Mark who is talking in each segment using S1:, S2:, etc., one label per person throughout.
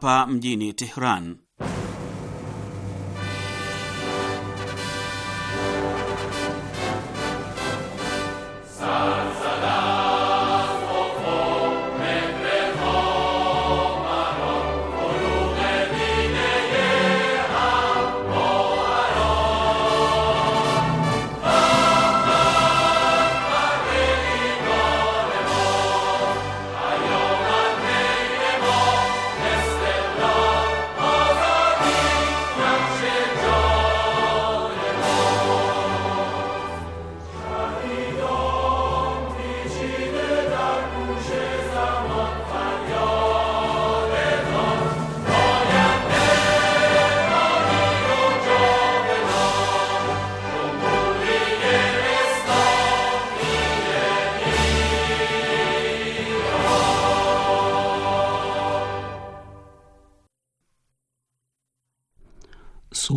S1: Hapa mjini Tehran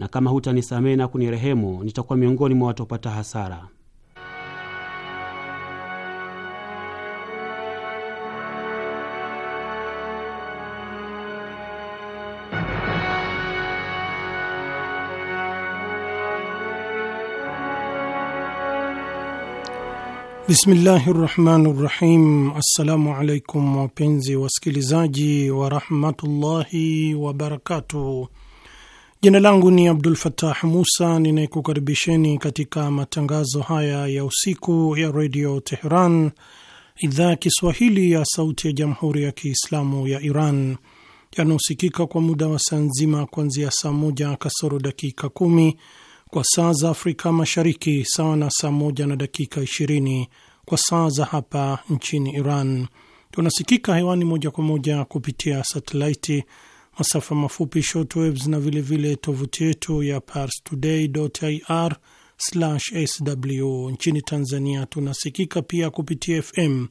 S1: na kama hutanisamehe na kunirehemu nitakuwa miongoni mwa watu wapata hasara.
S2: Bismillahi rahmani rahim. Assalamu alaikum wapenzi wasikilizaji warahmatullahi wabarakatuh. Jina langu ni Abdul fatah Musa ninayekukaribisheni katika matangazo haya ya usiku ya redio Teheran, idhaa ya Kiswahili ya sauti ya jamhuri ya Kiislamu ya Iran, yanaosikika kwa muda wa saa nzima kuanzia saa moja kasoro dakika kumi kwa saa za Afrika Mashariki, sawa na saa moja na dakika ishirini kwa saa za hapa nchini Iran. Tunasikika hewani moja kwa moja kupitia satelaiti masafa mafupi shortwaves na vilevile tovuti yetu ya parstoday.ir sw. Nchini Tanzania tunasikika pia kupitia FM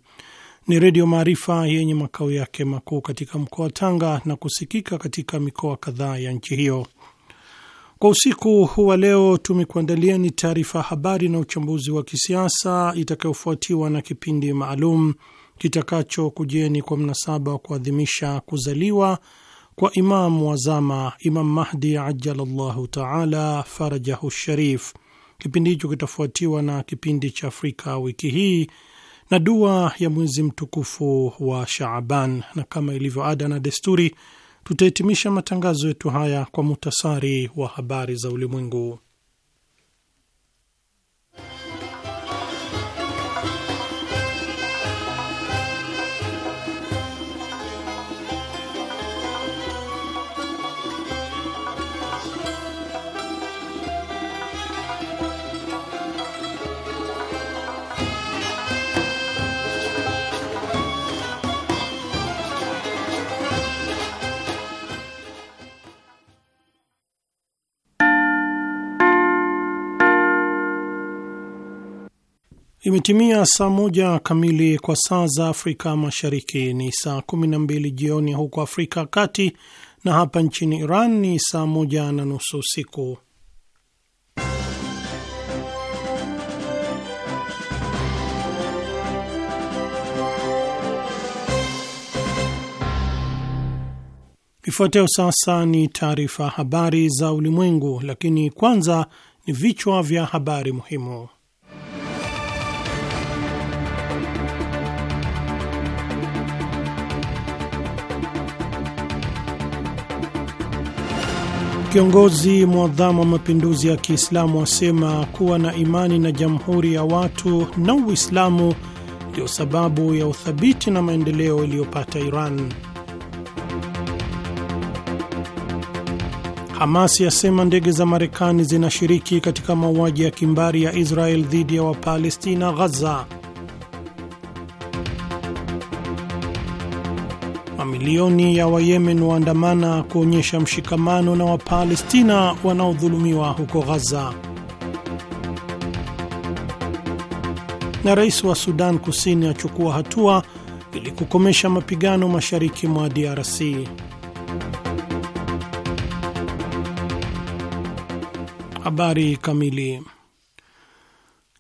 S2: ni Redio Maarifa yenye makao yake makuu katika mkoa wa Tanga na kusikika katika mikoa kadhaa ya nchi hiyo. Kwa usiku wa leo ni taarifa habari na uchambuzi wa kisiasa itakayofuatiwa na kipindi maalum kitakacho kujieni kwa mnasaba wa kuadhimisha kuzaliwa kwa Imam wazama Imam Mahdi ajalallahu taala farajahu sharif. Kipindi hicho kitafuatiwa na kipindi cha Afrika wiki hii na dua ya mwezi mtukufu wa Shaaban, na kama ilivyo ada na desturi tutahitimisha matangazo yetu haya kwa muhtasari wa habari za ulimwengu. Imetimia saa moja kamili kwa saa za Afrika Mashariki, ni saa kumi na mbili jioni huko Afrika Kati, na hapa nchini Iran ni saa moja na nusu usiku. Ifuatayo sasa ni taarifa habari za ulimwengu, lakini kwanza ni vichwa vya habari muhimu. Kiongozi mwadhamu wa mapinduzi ya Kiislamu asema kuwa na imani na jamhuri ya watu na Uislamu ndio sababu ya uthabiti na maendeleo iliyopata Iran. Hamas yasema ndege za Marekani zinashiriki katika mauaji ya kimbari ya Israel dhidi ya Wapalestina Ghaza. Mamilioni ya Wayemen waandamana kuonyesha mshikamano na Wapalestina wanaodhulumiwa huko Ghaza. Na rais wa Sudan Kusini achukua hatua ili kukomesha mapigano mashariki mwa DRC. Habari kamili.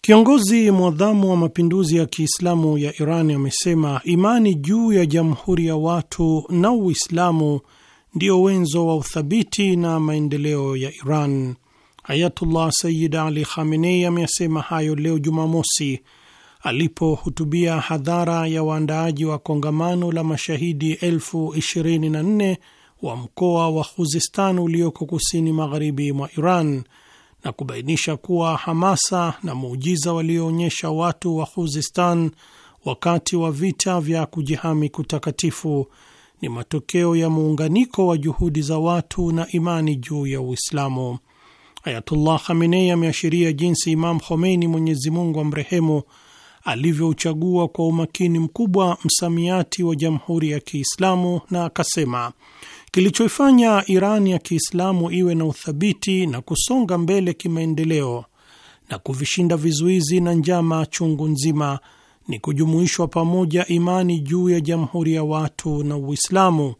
S2: Kiongozi mwadhamu wa mapinduzi ya Kiislamu ya Iran amesema imani juu ya jamhuri ya watu na Uislamu ndio wenzo wa uthabiti na maendeleo ya Iran. Ayatullah Sayyid Ali Khamenei ameasema hayo leo Jumamosi alipohutubia hadhara ya waandaaji wa kongamano la mashahidi elfu ishirini na nne wa mkoa wa Khuzistan ulioko kusini magharibi mwa Iran na kubainisha kuwa hamasa na muujiza walioonyesha watu wa Khuzistan wakati wa vita vya kujihami kutakatifu ni matokeo ya muunganiko wa juhudi za watu na imani juu ya Uislamu. Ayatullah Khamenei ameashiria jinsi Imam Khomeini, Mwenyezi Mungu amrehemu, alivyouchagua kwa umakini mkubwa msamiati wa Jamhuri ya Kiislamu na akasema Kilichoifanya Iran ya Kiislamu iwe na uthabiti na kusonga mbele kimaendeleo na kuvishinda vizuizi na njama chungu nzima ni kujumuishwa pamoja imani juu ya jamhuri ya watu na Uislamu,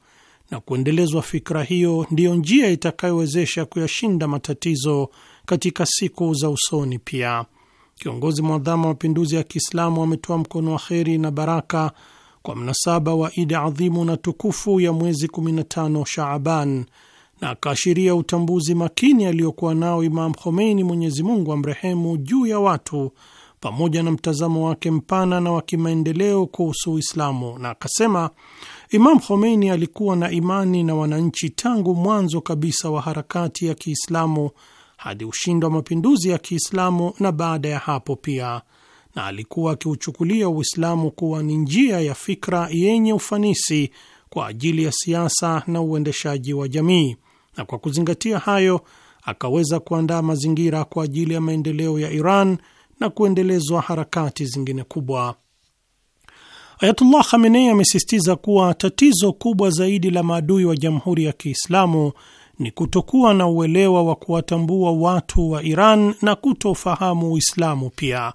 S2: na kuendelezwa fikra hiyo ndiyo njia itakayowezesha kuyashinda matatizo katika siku za usoni. Pia kiongozi mwadhama wa mapinduzi ya Kiislamu ametoa mkono wa kheri na baraka kwa mnasaba wa Idi adhimu na tukufu ya mwezi 15 Shaaban, na akaashiria utambuzi makini aliyokuwa nao Imam Khomeini, Mwenyezi Mungu amrehemu, juu ya watu pamoja na mtazamo wake mpana na wa kimaendeleo kuhusu Uislamu, na akasema Imam Khomeini alikuwa na imani na wananchi tangu mwanzo kabisa wa harakati ya Kiislamu hadi ushindi wa mapinduzi ya Kiislamu na baada ya hapo pia na alikuwa akiuchukulia Uislamu kuwa ni njia ya fikra yenye ufanisi kwa ajili ya siasa na uendeshaji wa jamii, na kwa kuzingatia hayo akaweza kuandaa mazingira kwa ajili ya maendeleo ya Iran na kuendelezwa harakati zingine kubwa. Ayatullah Khamenei amesisitiza kuwa tatizo kubwa zaidi la maadui wa Jamhuri ya Kiislamu ni kutokuwa na uelewa wa kuwatambua watu wa Iran na kutofahamu Uislamu pia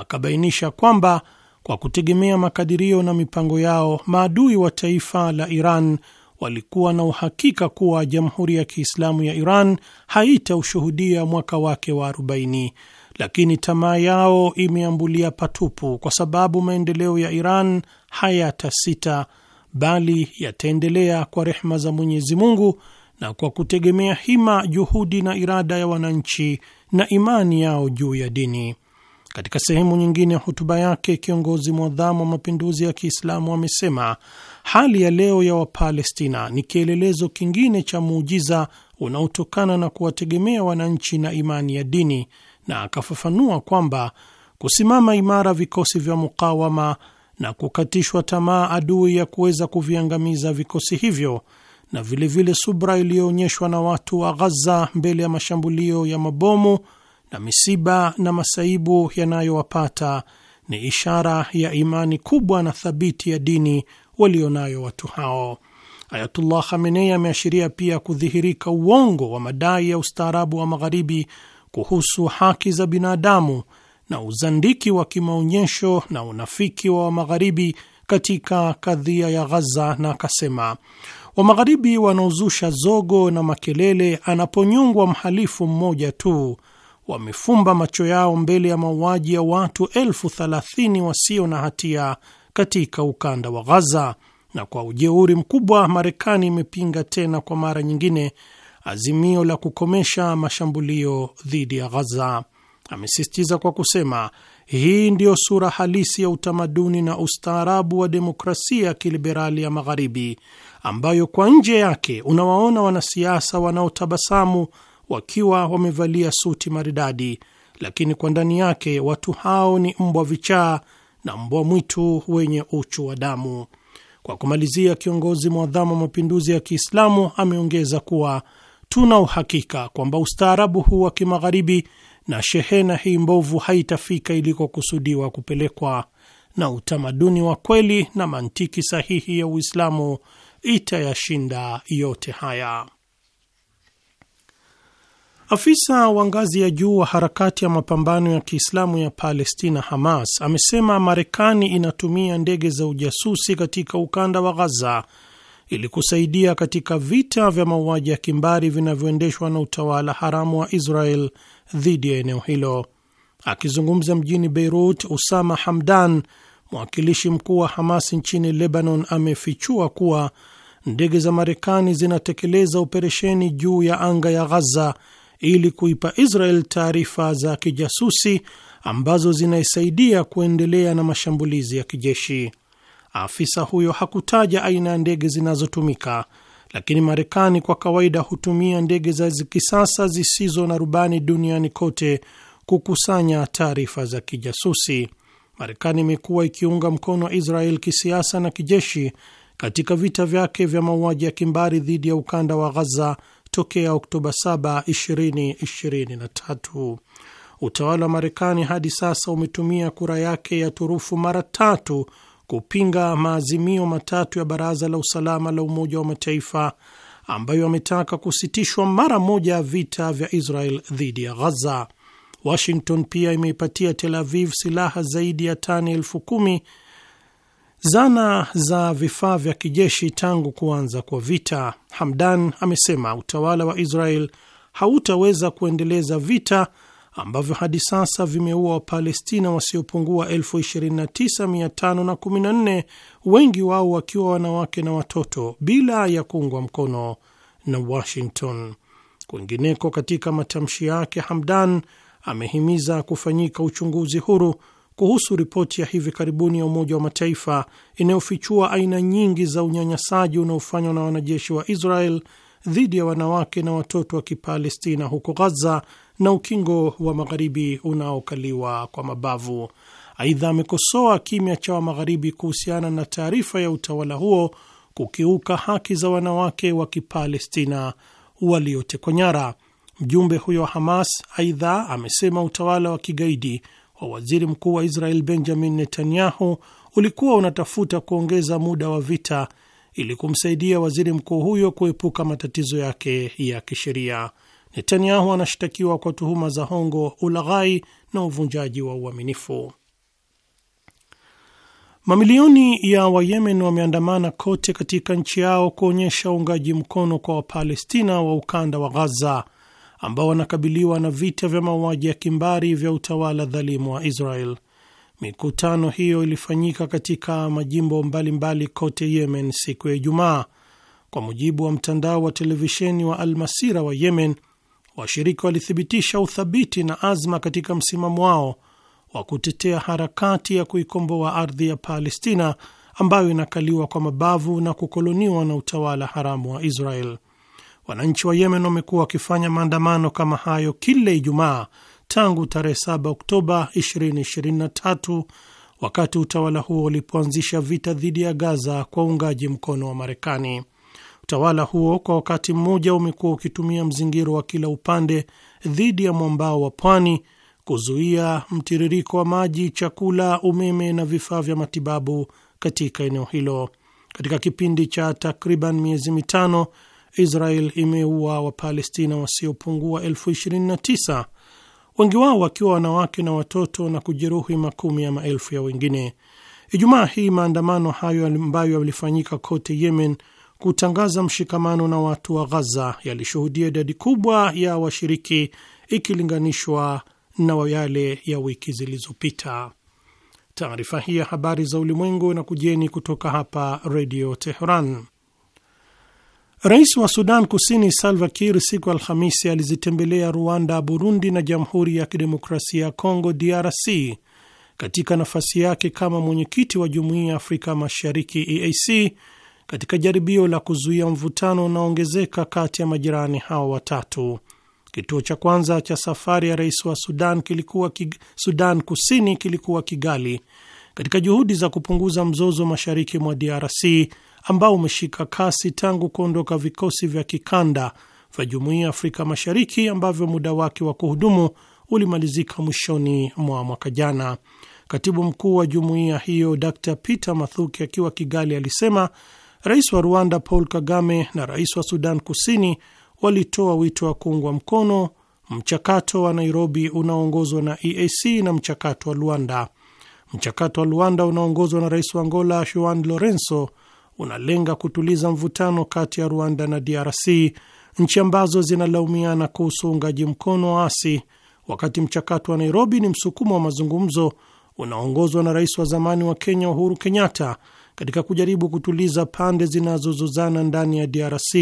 S2: akabainisha kwamba kwa kutegemea makadirio na mipango yao, maadui wa taifa la Iran walikuwa na uhakika kuwa Jamhuri ya Kiislamu ya Iran haitaushuhudia mwaka wake wa 40, lakini tamaa yao imeambulia patupu, kwa sababu maendeleo ya Iran hayatasita bali yataendelea kwa rehma za Mwenyezi Mungu na kwa kutegemea hima, juhudi na irada ya wananchi na imani yao juu ya dini. Katika sehemu nyingine ya hotuba yake, kiongozi mwadhamu wa mapinduzi ya Kiislamu amesema hali ya leo ya Wapalestina ni kielelezo kingine cha muujiza unaotokana na kuwategemea wananchi na imani ya dini, na akafafanua kwamba kusimama imara vikosi vya mukawama na kukatishwa tamaa adui ya kuweza kuviangamiza vikosi hivyo na vilevile vile subra iliyoonyeshwa na watu wa Ghaza mbele ya mashambulio ya mabomu na misiba na masaibu yanayowapata ni ishara ya imani kubwa na thabiti ya dini walionayo watu hao. Ayatullah Khamenei ameashiria pia kudhihirika uongo wa madai ya ustaarabu wa Magharibi kuhusu haki za binadamu na uzandiki wa kimaonyesho na unafiki wa Wamagharibi katika kadhia ya Ghaza, na akasema Wamagharibi wanaozusha zogo na makelele anaponyungwa mhalifu mmoja tu wamefumba macho yao mbele ya mauaji ya watu elfu thelathini wasio na hatia katika ukanda wa Ghaza. Na kwa ujeuri mkubwa, Marekani imepinga tena kwa mara nyingine azimio la kukomesha mashambulio dhidi ya Ghaza. Amesisitiza kwa kusema, hii ndiyo sura halisi ya utamaduni na ustaarabu wa demokrasia ya kiliberali ya Magharibi, ambayo kwa nje yake unawaona wanasiasa wanaotabasamu wakiwa wamevalia suti maridadi, lakini kwa ndani yake watu hao ni mbwa vichaa na mbwa mwitu wenye uchu wa damu. Kwa kumalizia, kiongozi mwadhamu wa mapinduzi ya Kiislamu ameongeza kuwa tuna uhakika kwamba ustaarabu huu wa kimagharibi na shehena hii mbovu haitafika ilikokusudiwa kupelekwa, na utamaduni wa kweli na mantiki sahihi ya Uislamu itayashinda yote haya. Afisa wa ngazi ya juu wa harakati ya mapambano ya Kiislamu ya Palestina Hamas amesema Marekani inatumia ndege za ujasusi katika ukanda wa Ghaza ili kusaidia katika vita vya mauaji ya kimbari vinavyoendeshwa na utawala haramu wa Israel dhidi ya eneo hilo. Akizungumza mjini Beirut, Usama Hamdan, mwakilishi mkuu wa Hamas nchini Lebanon, amefichua kuwa ndege za Marekani zinatekeleza operesheni juu ya anga ya Ghaza ili kuipa Israel taarifa za kijasusi ambazo zinaisaidia kuendelea na mashambulizi ya kijeshi. Afisa huyo hakutaja aina ya ndege zinazotumika, lakini Marekani kwa kawaida hutumia ndege za kisasa zisizo na rubani duniani kote kukusanya taarifa za kijasusi. Marekani imekuwa ikiunga mkono Israel kisiasa na kijeshi katika vita vyake vya mauaji ya kimbari dhidi ya ukanda wa Ghaza tokea Oktoba 7, 2023. Utawala wa Marekani hadi sasa umetumia kura yake ya turufu mara tatu kupinga maazimio matatu ya Baraza la Usalama la Umoja wa Mataifa ambayo ametaka kusitishwa mara moja vita vya Israel dhidi ya Ghaza. Washington pia imeipatia Tel Aviv silaha zaidi ya tani elfu kumi zana za vifaa vya kijeshi tangu kuanza kwa vita. Hamdan amesema utawala wa Israel hautaweza kuendeleza vita ambavyo hadi sasa vimeua Wapalestina wasiopungua 29514 wengi wao wakiwa wanawake na watoto bila ya kuungwa mkono na Washington. Kwingineko, katika matamshi yake, Hamdan amehimiza kufanyika uchunguzi huru kuhusu ripoti ya hivi karibuni ya Umoja wa Mataifa inayofichua aina nyingi za unyanyasaji unaofanywa na wanajeshi wa Israel dhidi ya wanawake na watoto wa Kipalestina huko Ghaza na ukingo wa Magharibi unaokaliwa kwa mabavu. Aidha, amekosoa kimya cha wa Magharibi kuhusiana na taarifa ya utawala huo kukiuka haki za wanawake wa Kipalestina waliotekwa nyara. Mjumbe huyo wa Hamas aidha amesema utawala wa kigaidi wa waziri mkuu wa Israel Benjamin Netanyahu ulikuwa unatafuta kuongeza muda wa vita ili kumsaidia waziri mkuu huyo kuepuka matatizo yake ya kisheria. Netanyahu anashtakiwa kwa tuhuma za hongo, ulaghai na uvunjaji wa uaminifu. Mamilioni ya Wayemen wameandamana kote katika nchi yao kuonyesha uungaji mkono kwa Wapalestina wa ukanda wa Ghaza ambao wanakabiliwa na vita vya mauaji ya kimbari vya utawala dhalimu wa Israel. Mikutano hiyo ilifanyika katika majimbo mbalimbali mbali kote Yemen siku ya Ijumaa. Kwa mujibu wa mtandao wa televisheni wa Almasira wa Yemen, washiriki walithibitisha uthabiti na azma katika msimamo wao wa kutetea harakati ya kuikomboa ardhi ya Palestina ambayo inakaliwa kwa mabavu na kukoloniwa na utawala haramu wa Israel. Wananchi wa Yemen wamekuwa wakifanya maandamano kama hayo kila Ijumaa tangu tarehe 7 Oktoba 2023 wakati utawala huo ulipoanzisha vita dhidi ya Gaza kwa uungaji mkono wa Marekani. Utawala huo kwa wakati mmoja umekuwa ukitumia mzingiro wa kila upande dhidi ya mwambao wa pwani kuzuia mtiririko wa maji, chakula, umeme na vifaa vya matibabu katika eneo hilo. Katika kipindi cha takriban miezi mitano Israel imeua Wapalestina wasiopungua elfu 29 wengi wao wakiwa wanawake na watoto na kujeruhi makumi ya maelfu ya wengine. Ijumaa hii maandamano hayo ambayo yalifanyika kote Yemen kutangaza mshikamano na watu wa Ghaza yalishuhudia idadi kubwa ya washiriki ikilinganishwa na yale ya wiki zilizopita. Taarifa hii ya habari za ulimwengu na kujeni kutoka hapa Redio Teheran. Rais wa Sudan Kusini Salva Kiir siku Alhamisi alizitembelea Rwanda, Burundi na Jamhuri ya Kidemokrasia ya Kongo, DRC, katika nafasi yake kama mwenyekiti wa Jumuiya ya Afrika Mashariki, EAC, katika jaribio la kuzuia mvutano unaoongezeka kati ya majirani hao watatu. Kituo cha kwanza cha safari ya rais wa Sudan, kilikuwa kig... Sudan Kusini kilikuwa Kigali, katika juhudi za kupunguza mzozo mashariki mwa DRC ambao umeshika kasi tangu kuondoka vikosi vya kikanda vya Jumuiya ya Afrika Mashariki ambavyo muda wake wa kuhudumu ulimalizika mwishoni mwa mwaka jana. Katibu mkuu wa jumuiya hiyo Dr Peter Mathuki akiwa Kigali alisema rais wa Rwanda Paul Kagame na rais wa Sudan Kusini walitoa wito wa kuungwa mkono mchakato wa Nairobi unaoongozwa na EAC na mchakato wa Luanda. Mchakato wa Luanda unaoongozwa na rais wa Angola Juan Lorenzo unalenga kutuliza mvutano kati ya Rwanda na DRC, nchi ambazo zinalaumiana kuhusu uungaji mkono waasi, wakati mchakato wa Nairobi ni msukumo wa mazungumzo unaoongozwa na rais wa zamani wa Kenya Uhuru Kenyatta katika kujaribu kutuliza pande zinazozozana ndani ya DRC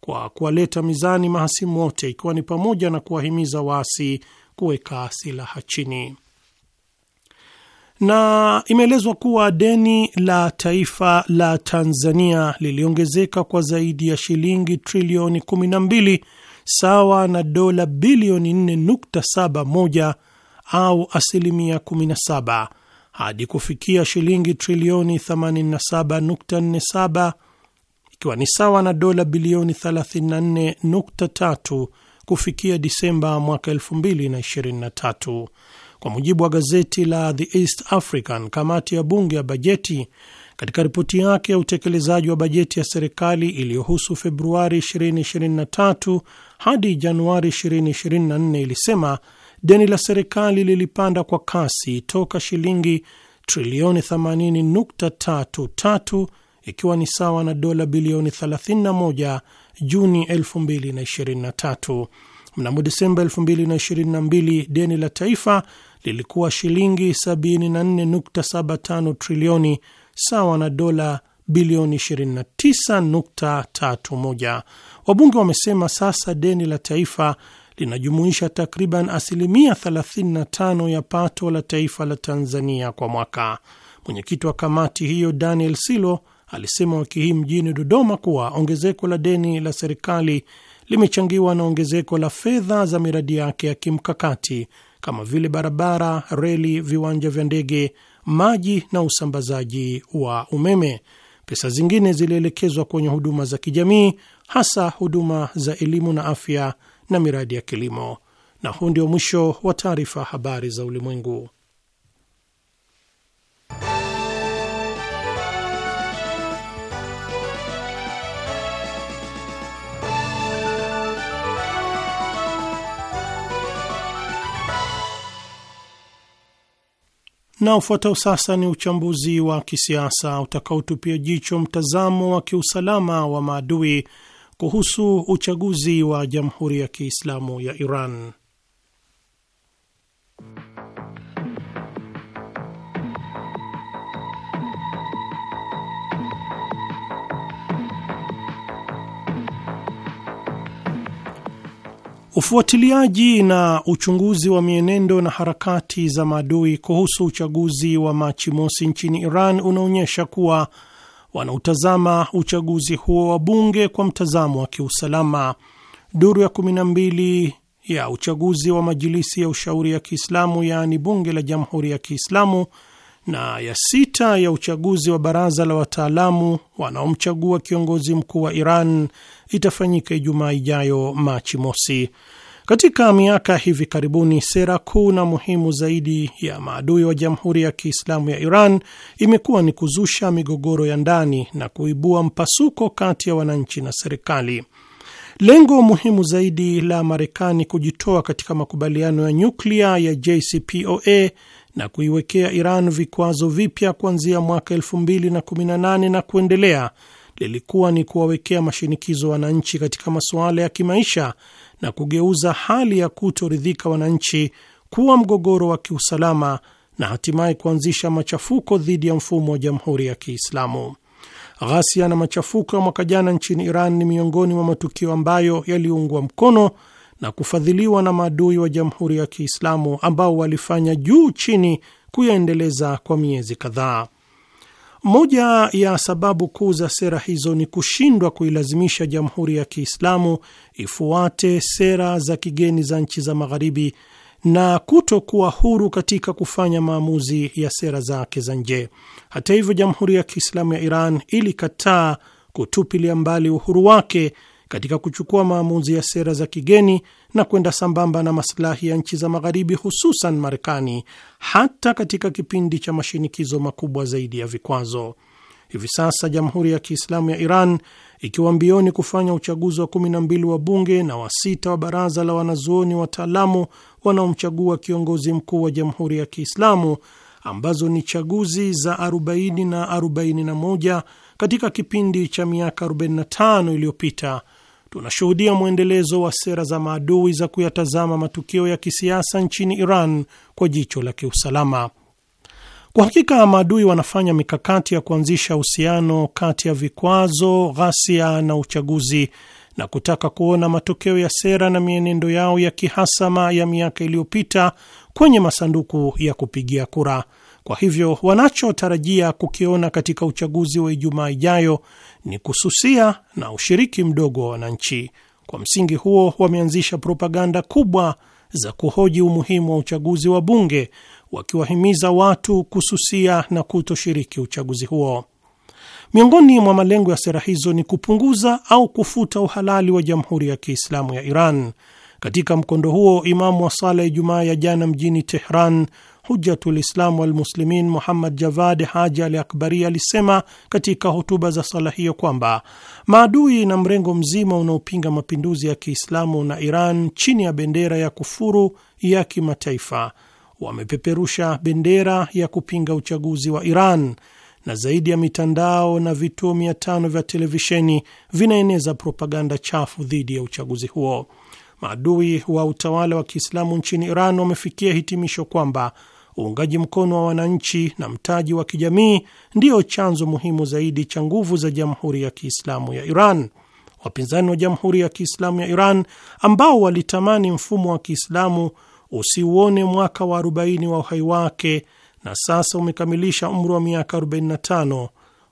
S2: kwa kuwaleta mizani mahasimu wote, ikiwa ni pamoja na kuwahimiza waasi kuweka silaha chini na imeelezwa kuwa deni la taifa la Tanzania liliongezeka kwa zaidi ya shilingi trilioni 12 sawa na dola bilioni 4.71 au asilimia 17 hadi kufikia shilingi trilioni 87.47 ikiwa ni sawa na dola bilioni 34.3 kufikia Disemba mwaka 2023. Kwa mujibu wa gazeti la The East African, kamati ya bunge ya bajeti katika ripoti yake ya utekelezaji wa bajeti ya serikali iliyohusu Februari 2023 hadi Januari 2024 ilisema deni la serikali lilipanda kwa kasi toka shilingi trilioni 80.33 ikiwa ni sawa na dola bilioni 31 Juni 2023. Mnamo Desemba 2022 deni la taifa lilikuwa shilingi 74.75 trilioni sawa na dola bilioni 29.31. Wabunge wamesema sasa deni la taifa linajumuisha takriban asilimia 35 ya pato la taifa la Tanzania kwa mwaka. Mwenyekiti wa kamati hiyo Daniel Silo alisema wiki hii mjini Dodoma kuwa ongezeko la deni la serikali limechangiwa na ongezeko la fedha za miradi yake ya kimkakati kama vile barabara, reli, viwanja vya ndege, maji na usambazaji wa umeme. Pesa zingine zilielekezwa kwenye huduma za kijamii, hasa huduma za elimu na afya na miradi ya kilimo. Na huu ndio mwisho wa taarifa habari za ulimwengu. Na ufuatao sasa ni uchambuzi wa kisiasa utakaotupia jicho mtazamo wa kiusalama wa maadui kuhusu uchaguzi wa Jamhuri ya Kiislamu ya Iran. Ufuatiliaji na uchunguzi wa mienendo na harakati za maadui kuhusu uchaguzi wa Machi mosi nchini Iran unaonyesha kuwa wanaotazama uchaguzi huo wa bunge kwa mtazamo wa kiusalama. Duru ya 12 ya uchaguzi wa majilisi ya ushauri ya Kiislamu, yaani bunge la jamhuri ya Kiislamu na ya sita ya uchaguzi wa baraza la wataalamu wanaomchagua kiongozi mkuu wa Iran itafanyika Ijumaa ijayo Machi mosi. Katika miaka hivi karibuni, sera kuu na muhimu zaidi ya maadui wa Jamhuri ya Kiislamu ya Iran imekuwa ni kuzusha migogoro ya ndani na kuibua mpasuko kati ya wananchi na serikali. Lengo muhimu zaidi la Marekani kujitoa katika makubaliano ya nyuklia ya JCPOA na kuiwekea Iran vikwazo vipya kuanzia mwaka 2018 na kuendelea lilikuwa ni kuwawekea mashinikizo wananchi katika masuala ya kimaisha na kugeuza hali ya kutoridhika wananchi kuwa mgogoro wa kiusalama na hatimaye kuanzisha machafuko dhidi ya mfumo wa Jamhuri ya Kiislamu. Ghasia na machafuko ya mwaka jana nchini Iran ni miongoni mwa matukio ambayo yaliungwa mkono na kufadhiliwa na maadui wa Jamhuri ya Kiislamu ambao walifanya juu chini kuyaendeleza kwa miezi kadhaa. Moja ya sababu kuu za sera hizo ni kushindwa kuilazimisha Jamhuri ya Kiislamu ifuate sera za kigeni za nchi za Magharibi na kutokuwa huru katika kufanya maamuzi ya sera zake za nje. Hata hivyo, Jamhuri ya Kiislamu ya Iran ilikataa kutupilia mbali uhuru wake katika kuchukua maamuzi ya sera za kigeni na kwenda sambamba na masilahi ya nchi za Magharibi, hususan Marekani, hata katika kipindi cha mashinikizo makubwa zaidi ya vikwazo. Hivi sasa Jamhuri ya Kiislamu ya Iran ikiwa mbioni kufanya uchaguzi wa kumi na mbili wa bunge na wa sita wa baraza la wanazuoni wataalamu wanaomchagua kiongozi mkuu wa Jamhuri ya Kiislamu ambazo ni chaguzi za 40 na 41 katika kipindi cha miaka 45 iliyopita tunashuhudia mwendelezo wa sera za maadui za kuyatazama matukio ya kisiasa nchini Iran kwa jicho la kiusalama. Kwa hakika maadui wanafanya mikakati ya kuanzisha uhusiano kati ya vikwazo, ghasia na uchaguzi na kutaka kuona matokeo ya sera na mienendo yao ya kihasama ya miaka iliyopita kwenye masanduku ya kupigia kura. Kwa hivyo wanachotarajia kukiona katika uchaguzi wa Ijumaa ijayo ni kususia na ushiriki mdogo wa wananchi. Kwa msingi huo, wameanzisha propaganda kubwa za kuhoji umuhimu wa uchaguzi wa bunge, wakiwahimiza watu kususia na kutoshiriki uchaguzi huo. Miongoni mwa malengo ya sera hizo ni kupunguza au kufuta uhalali wa Jamhuri ya Kiislamu ya Iran. Katika mkondo huo, Imamu wa sala ya Ijumaa ya jana mjini Tehran Hujjatul Islam wal Muhammad Javad Haji Al Akbari alisema katika hotuba za sala hiyo kwamba maadui na mrengo mzima unaopinga mapinduzi ya Kiislamu na Iran chini ya bendera ya kufuru ya kimataifa wamepeperusha bendera ya kupinga uchaguzi wa Iran na zaidi ya mitandao na vituo mia tano vya televisheni vinaeneza propaganda chafu dhidi ya uchaguzi huo maadui wa utawala wa Kiislamu nchini Iran wamefikia hitimisho kwamba uungaji mkono wa wananchi na mtaji wa kijamii ndiyo chanzo muhimu zaidi cha nguvu za Jamhuri ya Kiislamu ya Iran. Wapinzani wa Jamhuri ya Kiislamu ya Iran ambao walitamani mfumo wa Kiislamu usiuone mwaka wa 40 wa uhai wake na sasa umekamilisha umri wa miaka 45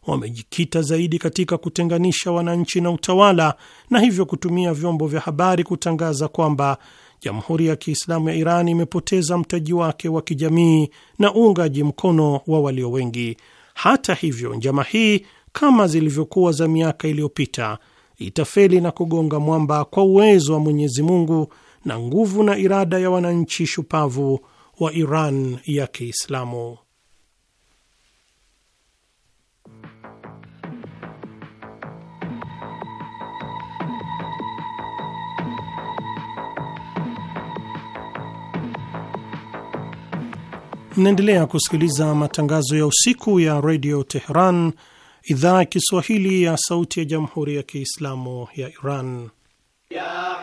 S2: wamejikita zaidi katika kutenganisha wananchi na utawala na hivyo kutumia vyombo vya habari kutangaza kwamba Jamhuri ya Kiislamu ya Iran imepoteza mtaji wake wa kijamii na uungaji mkono wa walio wengi. Hata hivyo, njama hii kama zilivyokuwa za miaka iliyopita itafeli na kugonga mwamba kwa uwezo wa Mwenyezi Mungu na nguvu na irada ya wananchi shupavu wa Iran ya Kiislamu. Mnaendelea kusikiliza matangazo ya usiku ya redio Teheran, idhaa ya Kiswahili ya sauti ya jamhuri ya kiislamu ya Iran
S3: ya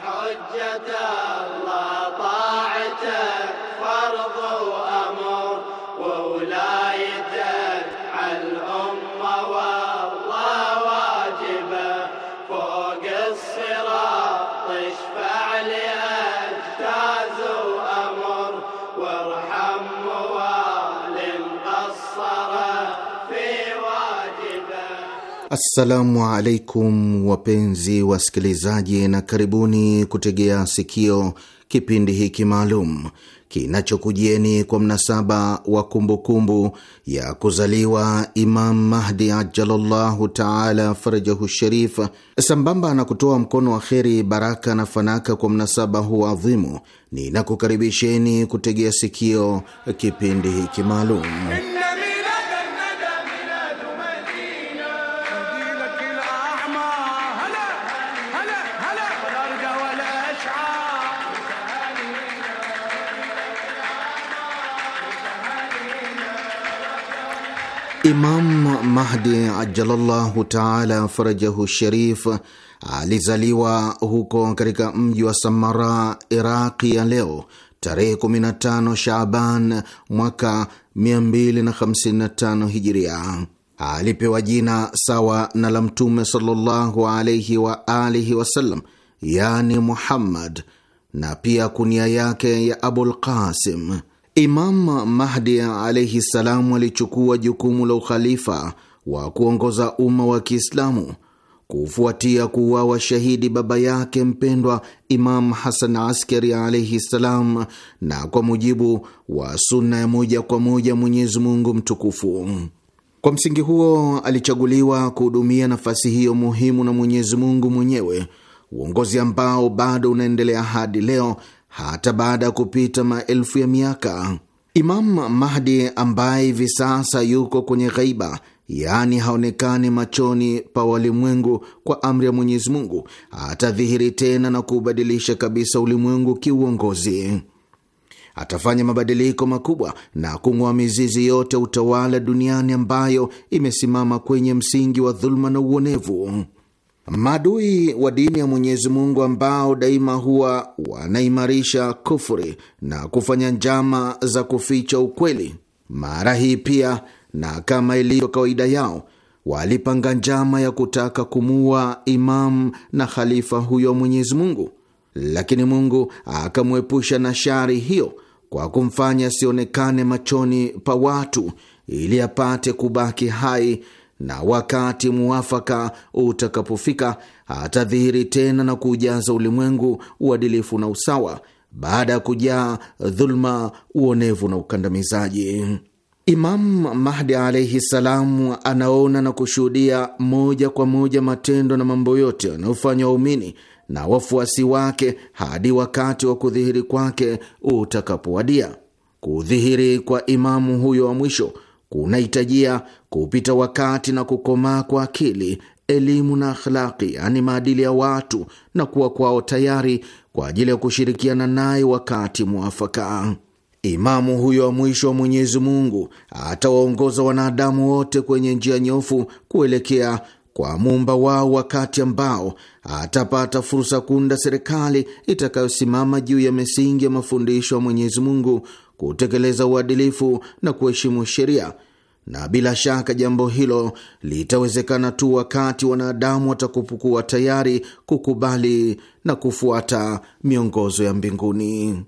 S4: Assalamu alaikum wapenzi wasikilizaji, na karibuni kutegea sikio kipindi hiki maalum kinachokujieni kwa mnasaba wa kumbukumbu kumbu ya kuzaliwa Imam Mahdi ajalallahu taala farajahu sharif, sambamba na kutoa mkono wa kheri, baraka na fanaka kwa mnasaba huu adhimu, ninakukaribisheni kutegea sikio kipindi hiki maalum. Imam Mahdi ajalallahu taala farajahu sharif alizaliwa huko katika mji wa Samara, Iraqi ya leo tarehe 15 Shaaban mwaka 255 Hijiria. Alipewa jina sawa na la Mtume sallallahu alaihi wa alihi wasallam, yani Muhammad, na pia kunia yake ya Abul Qasim. Imam Mahdi alaihi salamu alichukua jukumu la ukhalifa wa kuongoza umma wa Kiislamu kufuatia kuuawa shahidi baba yake mpendwa Imam Hasan Askari alaihi salam, na kwa mujibu wa sunna ya moja kwa moja Mwenyezi Mungu Mtukufu. Kwa msingi huo alichaguliwa kuhudumia nafasi hiyo muhimu na Mwenyezi Mungu mwenyewe, uongozi ambao bado unaendelea hadi leo hata baada ya kupita maelfu ya miaka. Imam Mahdi ambaye hivi sasa yuko kwenye ghaiba, yaani haonekani machoni pa walimwengu, kwa amri ya Mwenyezi Mungu atadhihiri tena na kuubadilisha kabisa ulimwengu kiuongozi. Atafanya mabadiliko makubwa na kung'oa mizizi yote utawala duniani ambayo imesimama kwenye msingi wa dhuluma na uonevu. Maadui wa dini ya Mwenyezi Mungu ambao daima huwa wanaimarisha kufuri na kufanya njama za kuficha ukweli, mara hii pia, na kama ilivyo kawaida yao, walipanga njama ya kutaka kumuua imamu na khalifa huyo Mwenyezi Mungu, lakini Mungu akamwepusha na shari hiyo kwa kumfanya asionekane machoni pa watu ili apate kubaki hai na wakati muwafaka utakapofika atadhihiri tena na kuujaza ulimwengu uadilifu na usawa, baada ya kujaa dhuluma, uonevu na ukandamizaji. imam Mahdi alaihi salam anaona na kushuhudia moja kwa moja matendo na mambo yote yanayofanywa waumini na wafuasi wake hadi wakati wa kudhihiri kwake utakapowadia. Kudhihiri kwa imamu huyo wa mwisho kunahitajia kupita wakati na kukomaa kwa akili, elimu na akhlaki, yani maadili ya watu, na kuwa kwao tayari kwa ajili ya kushirikiana naye wakati mwafaka. Imamu huyo wa mwisho wa Mwenyezi Mungu atawaongoza wanadamu wote kwenye njia nyofu kuelekea kwa muumba wao, wakati ambao atapata fursa kuunda serikali itakayosimama juu ya misingi ya mafundisho ya Mwenyezi Mungu kutekeleza uadilifu na kuheshimu sheria, na bila shaka jambo hilo litawezekana tu wakati wanadamu watakapokuwa tayari kukubali na kufuata miongozo ya mbinguni.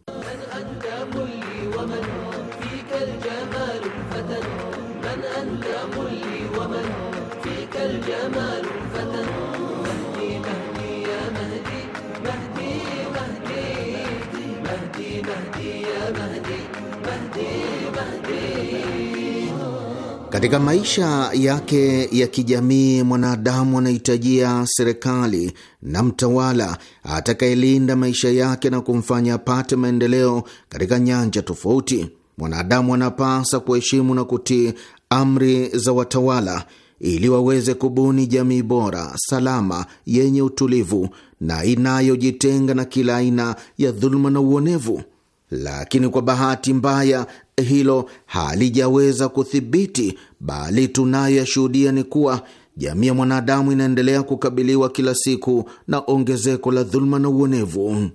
S4: Katika maisha yake ya kijamii, mwanadamu anahitajia serikali na mtawala atakayelinda maisha yake na kumfanya apate maendeleo katika nyanja tofauti. Mwanadamu anapasa kuheshimu na kutii amri za watawala ili waweze kubuni jamii bora, salama, yenye utulivu na inayojitenga na kila aina ya dhuluma na uonevu. Lakini kwa bahati mbaya, hilo halijaweza kuthibiti, bali tunayoyashuhudia ni kuwa jamii ya mwanadamu inaendelea kukabiliwa kila siku na ongezeko la dhuluma na uonevu.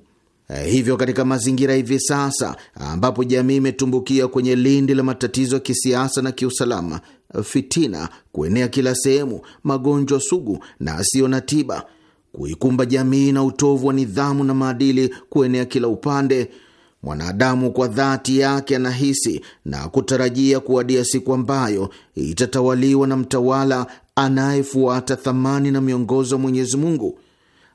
S4: Eh, hivyo, katika mazingira hivi sasa ambapo jamii imetumbukia kwenye lindi la matatizo ya kisiasa na kiusalama, fitina kuenea kila sehemu, magonjwa sugu na asiyo na tiba kuikumba jamii, na utovu wa nidhamu na maadili kuenea kila upande Mwanadamu kwa dhati yake anahisi na kutarajia kuwadia siku ambayo itatawaliwa na mtawala anayefuata thamani na miongozo ya Mwenyezi Mungu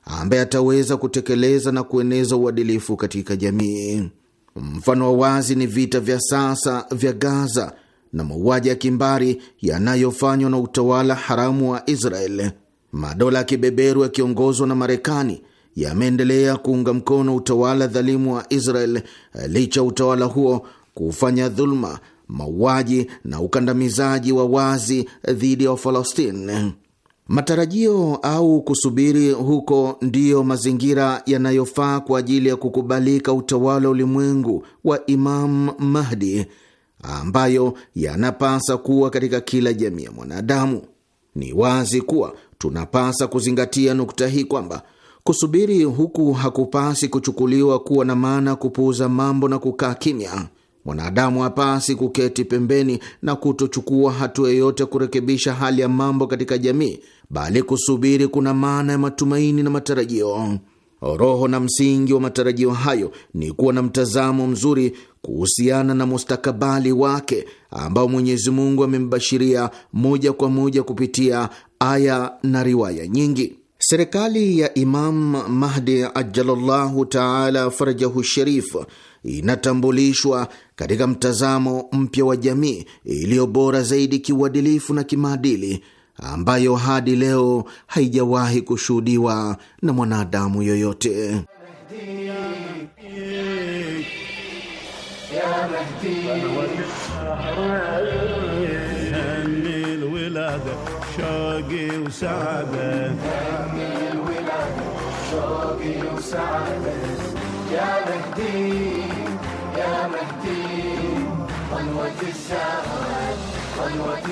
S4: ambaye ataweza kutekeleza na kueneza uadilifu katika jamii. Mfano wa wazi ni vita vya sasa vya Gaza na mauaji ya kimbari yanayofanywa na utawala haramu wa Israel. Madola ya kibeberu yakiongozwa na Marekani yameendelea kuunga mkono utawala dhalimu wa Israel eh, licha utawala huo kufanya dhuluma, mauaji na ukandamizaji wa wazi eh, dhidi ya Wafalastini. Matarajio au kusubiri huko ndiyo mazingira yanayofaa kwa ajili ya kukubalika utawala ulimwengu wa Imam Mahdi, ambayo yanapasa kuwa katika kila jamii ya mwanadamu. Ni wazi kuwa tunapasa kuzingatia nukta hii kwamba Kusubiri huku hakupasi kuchukuliwa kuwa na maana kupuuza mambo na kukaa kimya. Mwanadamu hapasi kuketi pembeni na kutochukua hatua yoyote kurekebisha hali ya mambo katika jamii, bali kusubiri kuna maana ya matumaini na matarajio. Roho na msingi wa matarajio hayo ni kuwa na mtazamo mzuri kuhusiana na mustakabali wake ambao Mwenyezi Mungu amembashiria moja kwa moja kupitia aya na riwaya nyingi. Serikali ya Imam Mahdi ajalallahu taala farajahu sharif inatambulishwa katika mtazamo mpya wa jamii iliyo bora zaidi kiuadilifu na kimaadili ambayo hadi leo haijawahi kushuhudiwa na mwanadamu yoyote.
S5: يا مهدي يا مهدي قنوة قنوة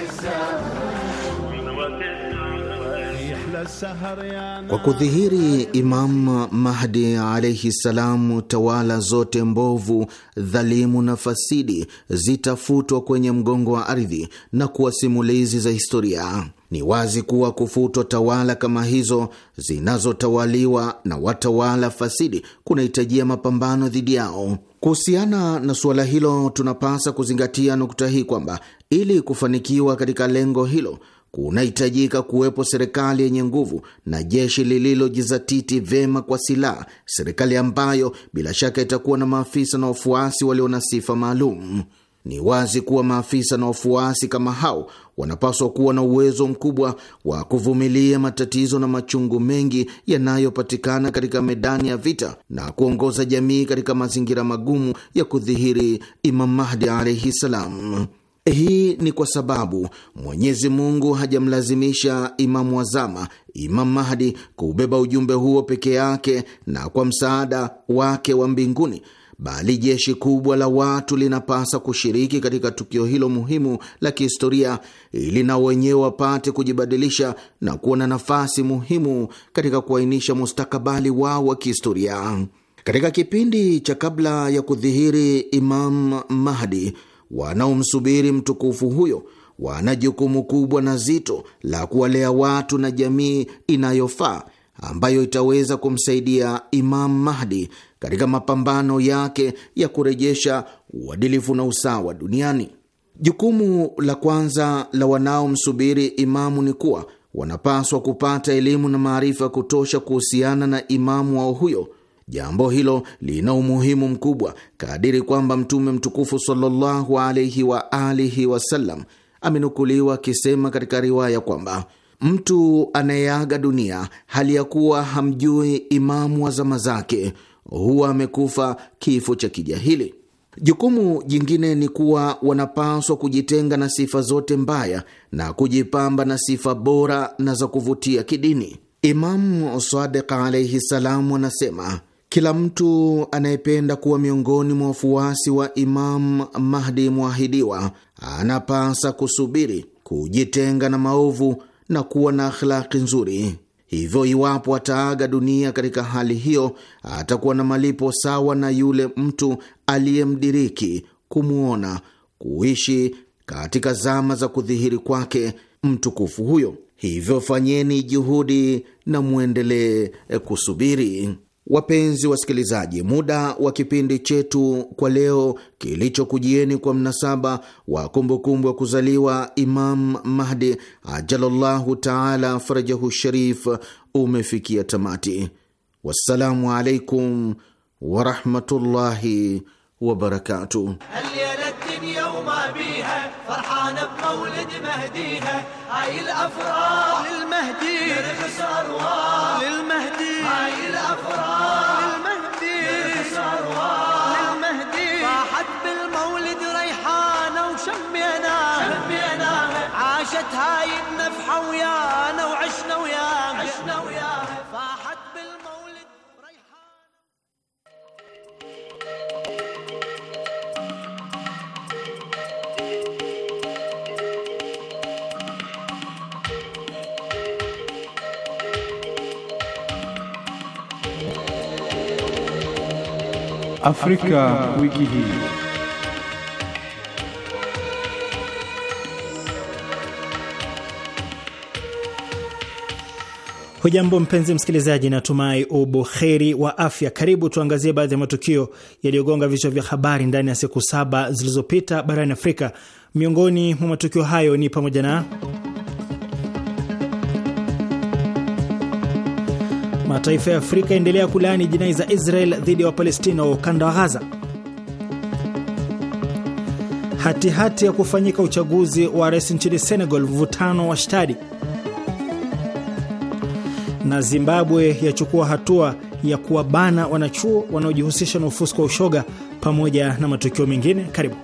S4: kwa kudhihiri Imam Mahdi alaihi salam, tawala zote mbovu, dhalimu na fasidi zitafutwa kwenye mgongo wa ardhi na kuwa simulizi za historia. Ni wazi kuwa kufutwa tawala kama hizo zinazotawaliwa na watawala fasidi kunahitajia mapambano dhidi yao. Kuhusiana na suala hilo, tunapasa kuzingatia nukta hii kwamba ili kufanikiwa katika lengo hilo kunahitajika kuwepo serikali yenye nguvu na jeshi lililojizatiti vyema kwa silaha, serikali ambayo bila shaka itakuwa na maafisa na wafuasi walio na sifa maalum. Ni wazi kuwa maafisa na wafuasi kama hao wanapaswa kuwa na uwezo mkubwa wa kuvumilia matatizo na machungu mengi yanayopatikana katika medani ya vita na kuongoza jamii katika mazingira magumu ya kudhihiri Imam Mahdi alaihi salam. Hii ni kwa sababu Mwenyezi Mungu hajamlazimisha Imamu wazama Imam Mahdi kuubeba ujumbe huo peke yake na kwa msaada wake wa mbinguni, bali jeshi kubwa la watu linapasa kushiriki katika tukio hilo muhimu la kihistoria ili nao wenyewe wapate kujibadilisha na kuwa na nafasi muhimu katika kuainisha mustakabali wao wa kihistoria. Katika kipindi cha kabla ya kudhihiri Imam Mahdi, wanaomsubiri mtukufu huyo wana jukumu kubwa na zito la kuwalea watu na jamii inayofaa ambayo itaweza kumsaidia Imam Mahdi katika mapambano yake ya kurejesha uadilifu na usawa duniani. Jukumu la kwanza la wanaomsubiri imamu ni kuwa wanapaswa kupata elimu na maarifa ya kutosha kuhusiana na imamu wao huyo. Jambo hilo lina umuhimu mkubwa kadiri kwamba Mtume mtukufu sallallahu alaihi wa alihi wasallam amenukuliwa akisema katika riwaya kwamba mtu anayeaga dunia hali ya kuwa hamjui imamu wa zama zake huwa amekufa kifo cha kijahili. Jukumu jingine ni kuwa wanapaswa kujitenga na sifa zote mbaya na kujipamba na sifa bora na za kuvutia kidini. Imamu Sadiq alaihi salam anasema kila mtu anayependa kuwa miongoni mwa wafuasi wa imamu Mahdi mwahidiwa anapasa kusubiri, kujitenga na maovu na kuwa na akhlaki nzuri. Hivyo, iwapo ataaga dunia katika hali hiyo, atakuwa na malipo sawa na yule mtu aliyemdiriki kumwona kuishi katika zama za kudhihiri kwake mtukufu huyo. Hivyo fanyeni juhudi na mwendelee kusubiri. Wapenzi wasikilizaji, muda wa kipindi chetu kwa leo kilichokujieni kwa mnasaba wa kumbukumbu ya kuzaliwa Imam Mahdi ajalallahu taala farajahu sharif umefikia tamati. Wassalamu alaikum warahmatullahi wabarakatuh.
S6: Afrika wiki hii. Hujambo mpenzi msikilizaji, natumai ubuheri wa afya. Karibu tuangazie baadhi ya matukio yaliyogonga vichwa vya habari ndani ya siku saba zilizopita barani Afrika. Miongoni mwa matukio hayo ni pamoja na Mataifa ya Afrika yaendelea kulaani jinai za Israel dhidi ya Wapalestina wa ukanda wa Ghaza. Hatihati hati ya kufanyika uchaguzi wa rais nchini Senegal, mvutano wa shtadi. Na Zimbabwe yachukua hatua ya kuwabana wanachuo wanaojihusisha na ufusko wa ushoga, pamoja na matukio mengine. Karibu.